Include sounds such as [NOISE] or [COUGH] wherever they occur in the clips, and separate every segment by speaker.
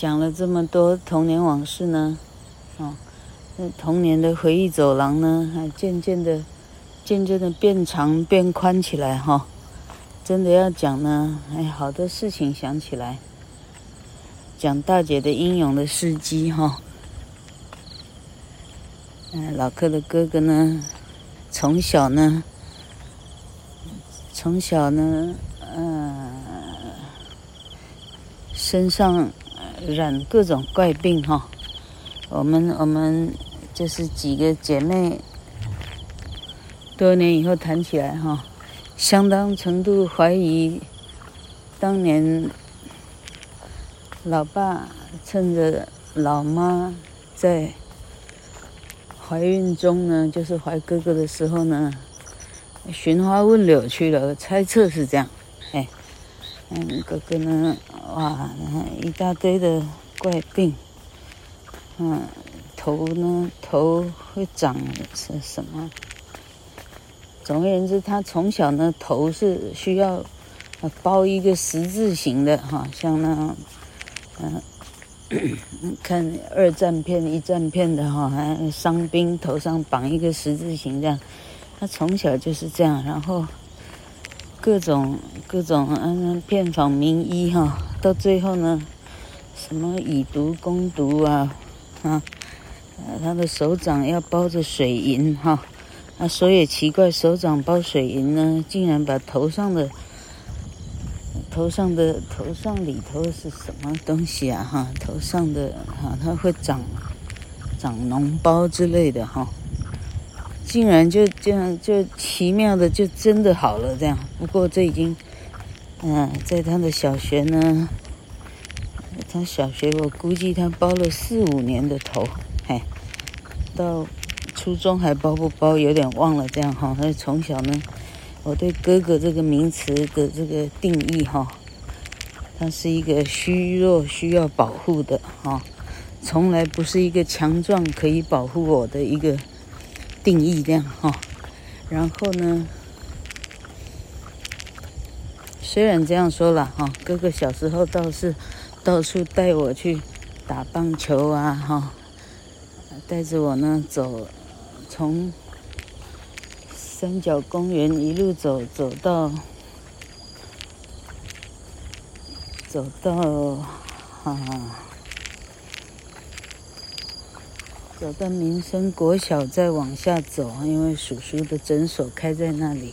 Speaker 1: 講了這麼多童年往事呢，哦，那童年的回憶走廊呢，還漸漸的、漸漸的變長變寬起來哈、哦。真的要講呢，哎，好多事情想起來。講大姐的英勇的事蹟哈，嗯、哦哎，老柯的哥哥呢，從小呢，從小呢，嗯、呃，身上，染各種怪病哈，我們我們就是幾個姐妹，多年以後談起來哈，相當程度懷疑當年老爸趁着老媽在懷孕中呢，就是懷哥哥的時候呢，尋花問柳去了，猜測是這樣，哎，嗯，哥哥呢，哇，一大堆的怪病，嗯、啊，頭呢，頭會長是什麼？總而言之，他從小呢，頭是需要包一個十字形的哈、啊，像那，嗯、啊，看二戰片、一戰片的哈，還、啊、傷兵頭上綁一個十字形這樣，他從小就是這樣，然後。各種各種嗯、啊，遍訪名醫哈，到最後呢，什麼以毒攻毒啊，啊，啊他的手掌要包着水銀哈，啊，所以奇怪，手掌包水銀呢，竟然把頭上的頭上的頭上裡頭是什麼東西啊哈、啊，頭上的哈、啊，它會長長膿包之類的哈。啊竟然就這樣，就奇妙的就真的好了這樣。不過這已經，嗯、呃，在他的小學呢，他小學我估計他包了四五年的頭，嘿，到初中還包不包？有點忘了這樣哈。他、哦、從小呢，我對哥哥這個名詞的這個定義哈、哦，他是一個虛弱需要保護的哈、哦，從來不是一個強壯可以保護我的一個。定義這樣哈，然後呢，雖然這樣說了哈，哥哥小時候倒是到處帶我去打棒球啊哈，帶着我呢走，從三角公園一路走，走到，走到，哈哈。啊走到民生國小再往下走，因為叔叔的診所開在那裡。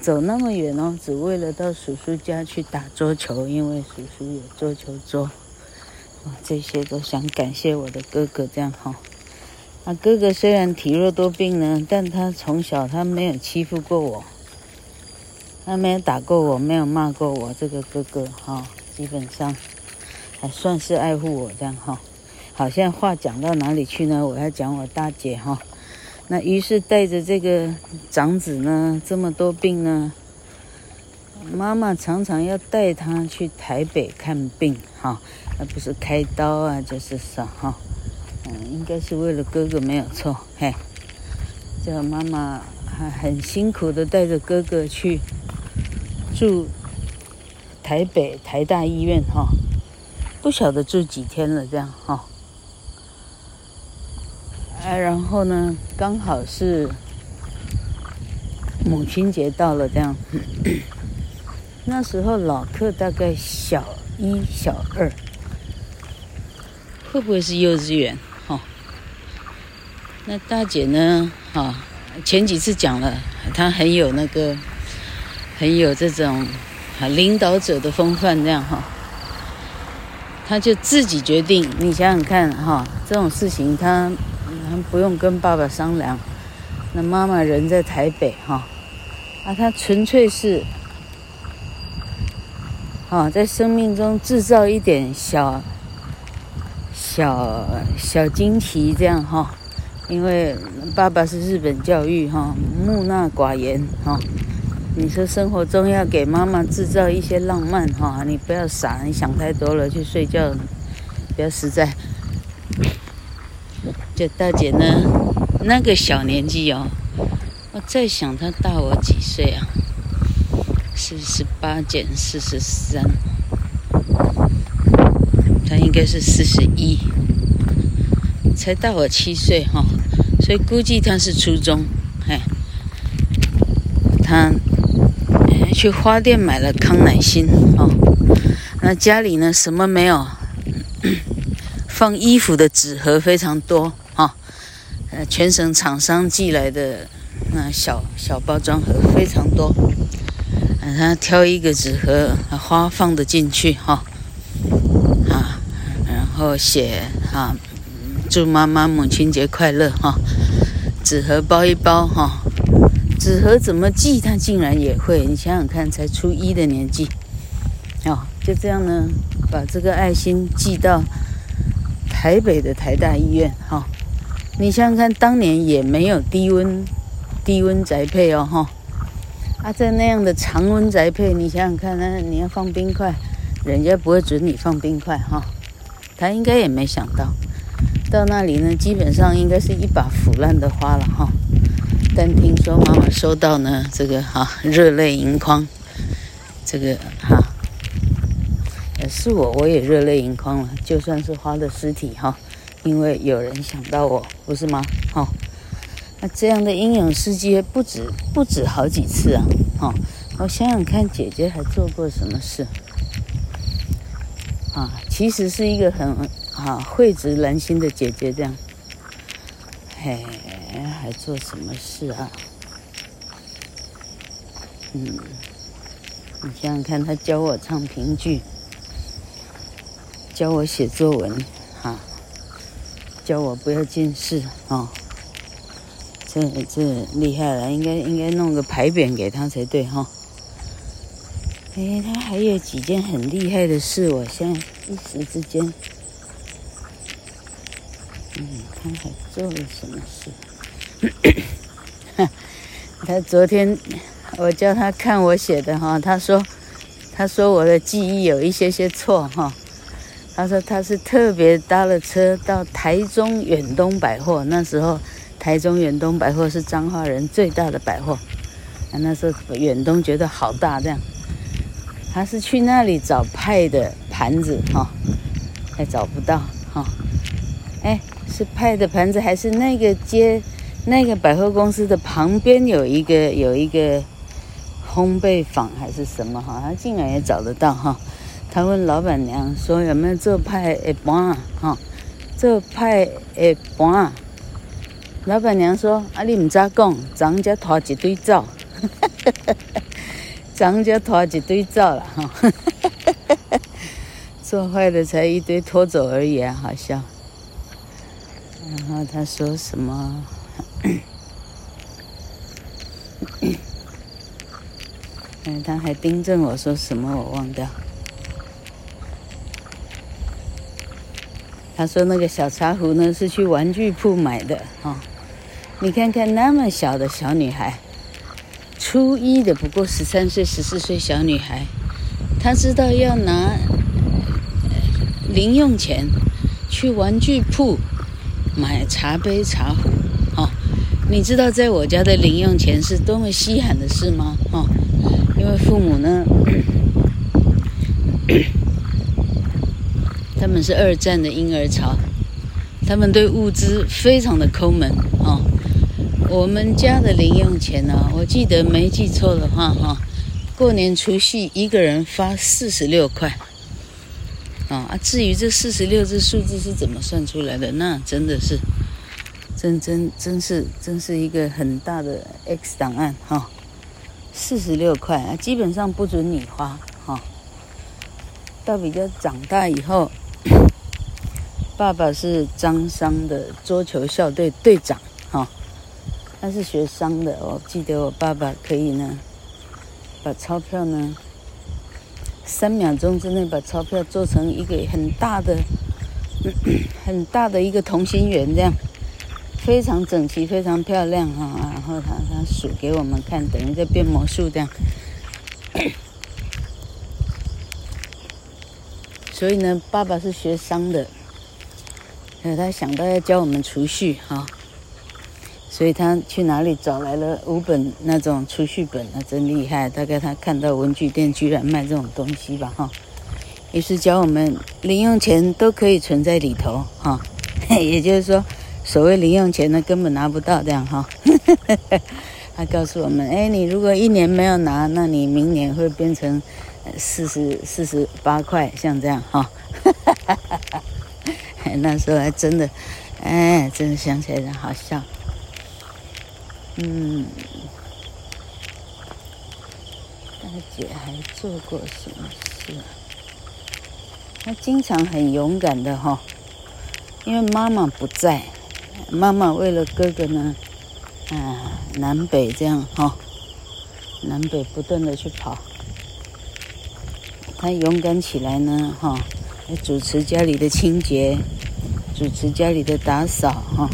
Speaker 1: 走那麼遠哦，只為了到叔叔家去打桌球，因為叔叔有桌球桌。這些都想感謝我的哥哥這樣哈、哦。啊，哥哥雖然體弱多病呢，但他從小他沒有欺負過我，他沒有打過我，沒有罵過我，這個哥哥哈、哦，基本上還算是愛護我這樣哈、哦。好像話講到哪裡去呢？我要講我大姐哈、哦，那於是帶着這個長子呢，這麼多病呢，媽媽常常要帶他去台北看病哈，那、哦、不是開刀啊，就是說哈、哦，嗯，應該是為了哥哥沒有錯嘿，這個媽媽還很辛苦的帶着哥哥去住台北台大醫院哈、哦，不曉得住幾天了這樣哈。哦然後呢，剛好是母親節到了，這樣，嗯。那時候老克大概小一、小二，會不會是幼稚園？哈、哦。那大姐呢，哈、哦，前幾次講了，她很有那個，很有這種領導者的風範，這樣哈、哦。她就自己決定。你想想看，哈、哦，這種事情她。不用跟爸爸商量，那媽媽人在台北哈，啊，她純粹是啊，在生命中製造一點小小小驚奇這樣哈、啊，因為爸爸是日本教育哈、啊，木訥寡言哈、啊，你說生活中要給媽媽製造一些浪漫哈、啊，你不要傻，你想太多了，去睡覺，比較實在。大姐呢？那個小年紀哦，我在想她大我幾歲啊？四十八減四十三，她應該是四十一，才大我七歲哈、哦。所以估計她是初中。哎，她去花店買了康乃馨哦。那家裡呢？什麼沒有？放衣服的紙盒非常多。全省廠商寄來的那小小包裝盒非常多，他、呃、挑一個紙盒，花放得進去哈、哦，啊，然後寫啊，祝媽媽母親節快樂哈、哦，紙盒包一包哈、哦，紙盒怎麼寄，他竟然也會，你想想看，才初一的年紀，啊、哦，就這樣呢，把這個愛心寄到台北的台大醫院哈。哦你想想看，當年也沒有低溫低溫宅配哦，哈，啊在那樣的常溫宅配，你想想看，那、啊、你要放冰塊，人家不會準你放冰塊哈，他應該也沒想到，到那裡呢，基本上應該是一把腐爛的花了哈。但聽說媽媽收到呢，這個哈、啊，熱淚盈眶，這個哈、啊，是我我也熱淚盈眶了，就算是花的屍體哈。啊因為有人想到我，不是嗎？哈、哦，那這樣的英勇事跡不止不止好幾次啊！我、哦、想想看，姐姐還做過什麼事？啊，其實是一個很啊蕙質蘭心的姐姐，這樣。嘿，還做什麼事啊？嗯，你想想看她教我唱評劇，教我寫作文。叫我不要近視啊、哦！這這厲害了，應該應該弄個牌匾給他才對哈、哦。誒，他還有幾件很厲害的事，我現在一時之間，嗯，看看做了什麼事。 [COUGHS] 他昨天我叫他看我寫的哈，他說他說我的記憶有一些些錯哈。他說他是特別搭了車到台中遠東百貨，那時候台中遠東百貨是彰化人，最大的百貨。他那時候遠東覺得好大這樣，他是去那裡找派的盤子哈，還找不到哈。哎，是派的盤子還是那個街那個百貨公司的旁邊有一個有一個烘焙坊還是什麼哈？他竟然也找得到哈。他問老闆娘說：“有沒有這派下盤啊？”哈、哦，這派下盤啊？老闆娘說：“啊，你唔使講，張家拖一堆走，哈哈哈哈哈，張家拖一堆走了，哈、哦，哈哈哈哈哈，做壞的才一堆拖走而已、啊，好笑。”然後他說什麼？嗯、 [COUGHS] 哎，他還盯着我說什麼，我忘掉。他說：“那個小茶壺呢，是去玩具鋪買的啊、哦！你看看，那麼小的小女孩，初一的不過十三歲、十四歲小女孩，她知道要拿零用錢去玩具鋪買茶杯、茶壺啊、哦！你知道在我家的零用錢是多麼稀罕的事嗎？啊、哦！因為父母呢。” [COUGHS] 他們是二戰的嬰兒潮，他們對物資非常的摳門啊。我們家的零用錢呢、啊，我記得沒記錯的話哈、哦，過年除夕一個人發四十六塊、哦、啊。至於這四十六這數字是怎麼算出來的，那真的是真真真是真是一個很大的 X 檔案哈。四十六塊啊，基本上不准你花哈、哦。到比較長大以後。爸爸是張商，商的桌球校隊隊長，哈、哦，他是學商的。我記得我爸爸可以呢，把鈔票呢，三秒鐘之內把鈔票做成一個很大的、很大的一個同心圓，這樣非常整齊、非常漂亮，哈、哦。然後他他數給我們看，等於在變魔術這樣。所以呢，爸爸是學商的。呃，他想到要教我們儲蓄哈、哦，所以他去哪裡找來了五本那種儲蓄本啊？真厲害！大概他看到文具店居然賣這種東西吧哈、哦，於是教我們零用錢都可以存在裡頭哈、哦，也就是說，所謂零用錢呢根本拿不到這樣哈。哦、 [LAUGHS] 他告訴我們：哎，你如果一年沒有拿，那你明年會變成四十，四十八塊，像這樣哈。哦那時候還真的，哎，真的想起來好笑。嗯，大姐還做過什麼事？她經常很勇敢的哈，因為媽媽不在，媽媽為了哥哥呢，啊，南北這樣哈，南北不斷的去跑。她勇敢起來呢哈，來主持家裡的清潔。主持家裡的打掃哈、哦，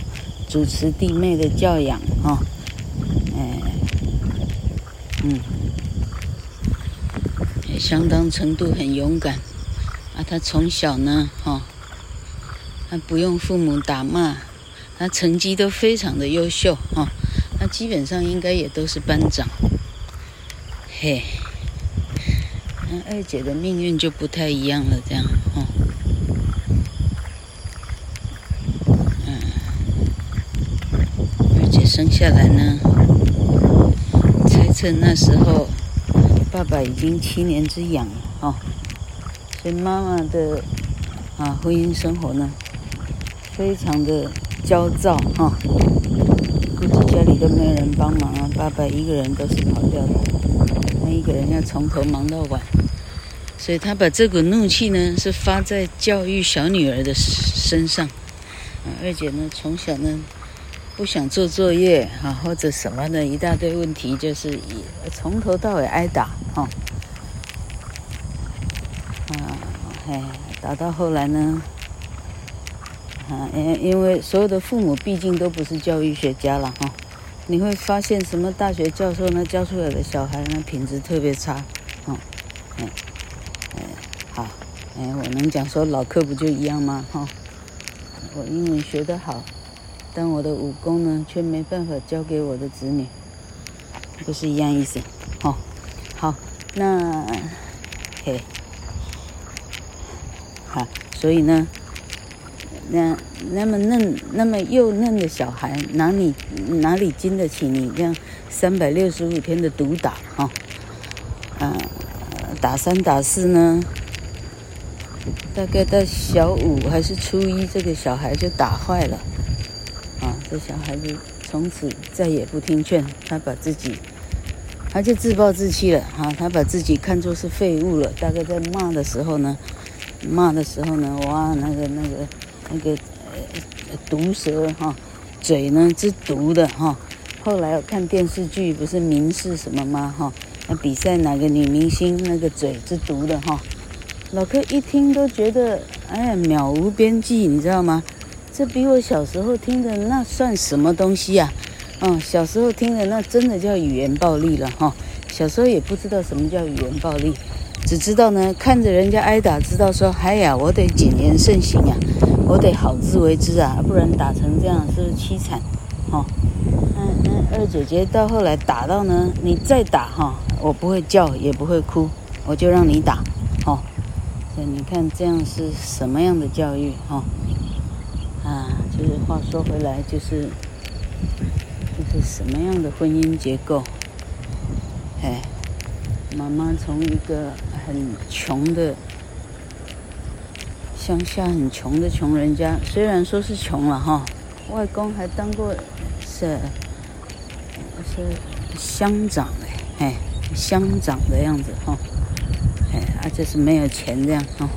Speaker 1: 主持弟妹的教養哈、哦，哎，嗯，也相當程度很勇敢，啊，他從小呢哈、哦，他不用父母打罵，他成績都非常的優秀哈、哦，他基本上應該也都是班長，嘿，那二姐的命運就不太一樣了，這樣。下來呢，猜測那時候爸爸已經七年之癢了啊、哦，所以媽媽的啊婚姻生活呢非常的焦躁哈、哦，估計家裡都沒有人幫忙，爸爸一個人都是跑掉的，他一個人要從頭忙到晚，所以他把這股怒氣呢是發在教育小女兒的身上，二姐呢從小呢。不想做作業啊，或者什麼的，一大堆問題，就是從頭到尾挨打，哈，啊，哎，打到後來呢，啊，因因為所有的父母畢竟都不是教育學家了，哈，你會發現什麼大學教授呢，教出來的小孩呢，品質特別差，嗯，嗯，哎，好，哎，我能講說老克不就一樣嗎？哈，我英文學得好。但我的武功呢，卻沒辦法教給我的子女，不是一樣意思？好，哦，好，那，嘿，好，所以呢，那那麼嫩、那麼幼嫩的小孩，哪裡哪裡經得起你這樣三百六十五天的毒打，哦、啊？嗯，打三打四呢，大概到小五還是初一，這個小孩就打壞了。這小孩子從此再也不聽勸，他把自己，他就自暴自棄了哈，他把自己看作是廢物了。大概在罵的時候呢，罵的時候呢，哇，那個那個那個，毒舌哈，嘴呢是毒的哈。後來我看電視劇，不是民視什麼嗎哈？那比賽哪個女明星那個嘴是毒的哈？老克一聽都覺得，哎，渺無邊際，你知道嗎？這比我小時候聽的那算什麼東西呀、啊？嗯、哦，小時候聽的那真的叫語言暴力了哈、哦。小時候也不知道什麼叫語言暴力，只知道呢看着人家挨打，知道說嗨、哎、呀，我得謹言慎行呀、啊，我得好自為之啊，不然打成這樣是不是淒慘？哈、哦，那、嗯、那、嗯、二姐姐到後來打到呢，你再打哈、哦，我不會叫也不會哭，我就讓你打，哦，所以你看這樣是什麼樣的教育啊？哦就是話說回來，就是就是什麼樣的婚姻結構？哎，媽媽從一個很窮的鄉下，很窮的窮人家，雖然說是窮了哈、哦，外公還當過是是鄉長哎，鄉長的樣子哈、哦，哎，而且，啊，就是沒有錢這樣哈、哦。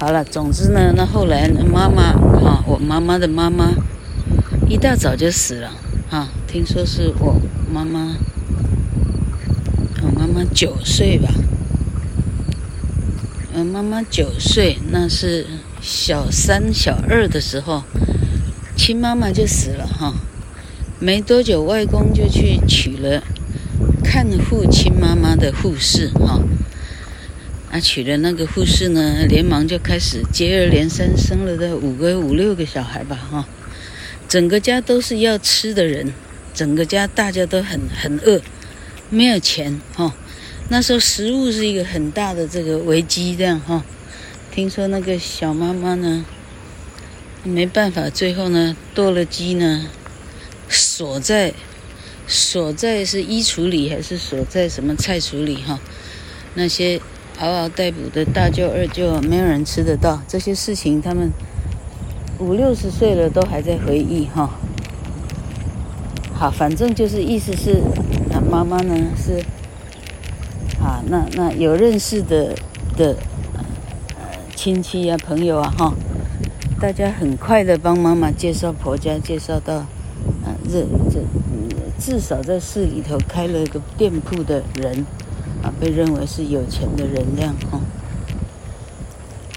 Speaker 1: 好了，總之呢，那後來呢，媽媽。我媽媽的媽媽一大早就死了，哈、啊！聽說是我媽媽，我媽媽九歲吧，嗯，媽媽九歲，那是小三小二的時候，親媽媽就死了，哈、啊！沒多久，外公就去娶了看護親媽媽的護士，哈、啊。娶了那個護士呢，連忙就開始接二連三生了這五個五六個小孩吧哈、哦，整個家都是要吃的人，整個家大家都很很餓，沒有錢哈、哦，那時候食物是一個很大的這個危機這樣哈、哦，聽說那個小媽媽呢，沒辦法，最後呢剁了雞呢，鎖在鎖在是衣櫥裡還是鎖在什麼菜櫥裡哈、哦，那些。嗷嗷待哺的大舅二舅，沒有人吃得到這些事情，他們五六十歲了都還在回憶哈、哦。好，反正就是意思是，那媽媽呢是，啊，那那有認識的的親戚啊朋友啊哈、哦，大家很快地幫媽媽介紹婆家，介紹到啊，這這至少在市裡頭開了一個店鋪的人。被認為是有錢的人，這、哦、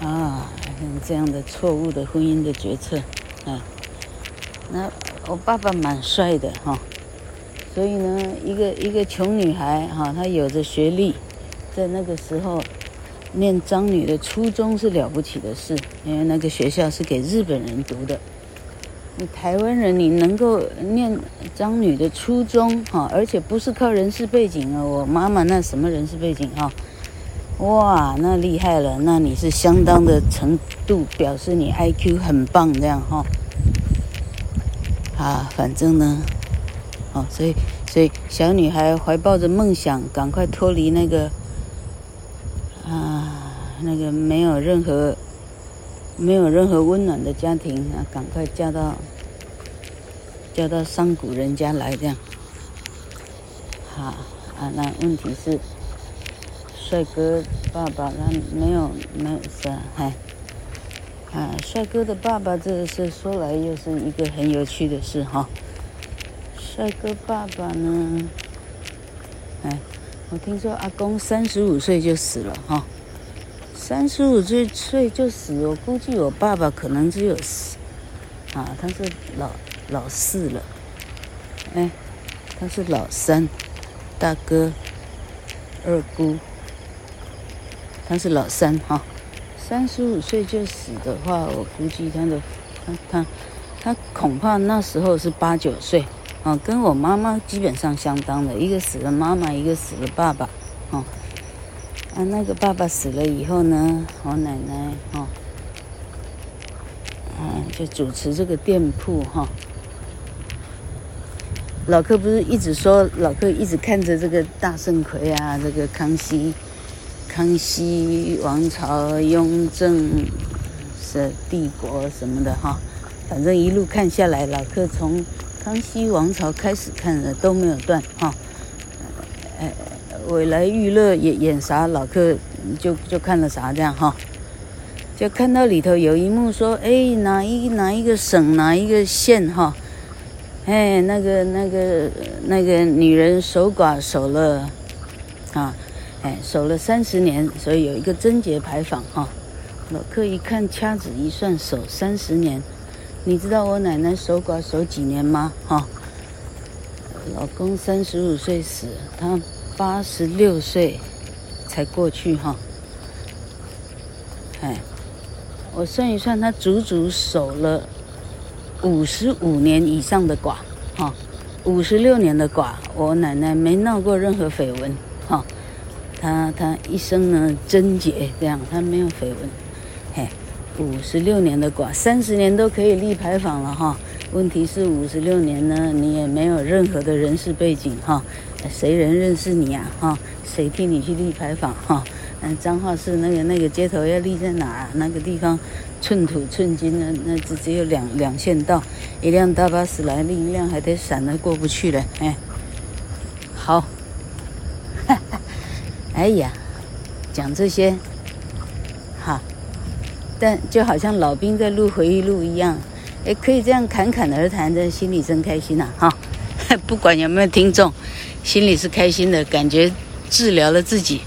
Speaker 1: 樣啊，這樣的錯誤的婚姻的決策，啊，那我爸爸蠻帥的，哈、哦，所以呢，一個一個窮女孩，哈、哦，她有着學歷，在那個時候念張女的初中是了不起的事，因為那個學校是給日本人讀的。你台灣人，你能夠念張女的初中哈，而且不是靠人事背景啊！我媽媽那什麼人事背景哈，哇，那厲害了，那你是相當的程度，表示你 IQ 很棒這樣哈。啊，反正呢，哦，所以所以小女孩懷抱着夢想，趕快脫離那個啊那個沒有任何。沒有任何溫暖的家庭啊！趕快嫁到嫁到商賈人家來這樣。好，好那問題是，帥哥爸爸那沒有沒有事。哎、啊，啊帥哥的爸爸這個事說來又是一個很有趣的事哈、哦。帥哥爸爸呢？哎，我聽說阿公三十五歲就死了哈。哦三十五歲歲就死，我估計我爸爸可能只有四，啊，他是老老四了，哎、欸，他是老三，大哥，二姑，他是老三哈。三十五歲就死的話，我估計他的他他他恐怕那時候是八九歲，啊，跟我媽媽基本上相當的，一個死了媽媽，一個死了爸爸，啊。啊，那個爸爸死了以後呢，我奶奶哦、哎，就主持這個店鋪哈、哦。老克不是一直說，老克一直看着這個大盛魁啊，這個康熙、康熙王朝、雍正是帝國什麼的哈、哦，反正一路看下來，老克從康熙王朝開始看的都沒有斷哈、哦。哎。我來娛樂演演啥，老克就就看了啥，這樣哈、哦，就看到裡頭有一幕說，哎，哪一哪一個省哪一個縣哈、哦，哎，那個那個那個女人守寡守了啊，哎，守了三十年，所以有一個貞節牌坊哈、哦。老克一看掐指一算，守，守三十年，你知道我奶奶守寡守幾年嗎？哈、哦，老公三十五歲死，她。八十六歲才過去哈，哎，我算一算，他足足守了五十五年以上的寡哈，五十六年的寡，我奶奶沒鬧過任何緋聞哈、哦，他他一生呢貞潔這樣，他沒有緋聞，嘿、哎，五十六年的寡，三十年都可以立牌坊了哈。哦問題是五十六年呢，你也沒有任何的人事背景哈、啊，誰人認識你啊哈、啊？誰替你去立牌坊哈？嗯、啊，張浩是那個那個街頭要立在哪兒那個地方，寸土寸金的，那只，只有兩兩線道，一輛大巴駛來，另一輛還得閃得過不去嘞。哎，好，哈哈，哎呀，講這些，哈，但就好像老兵在錄回憶錄一樣。哎，可以這樣侃侃而談的，心裡真開心吶、啊！哈，不管有沒有聽眾，心裡是開心的，感覺治療了自己。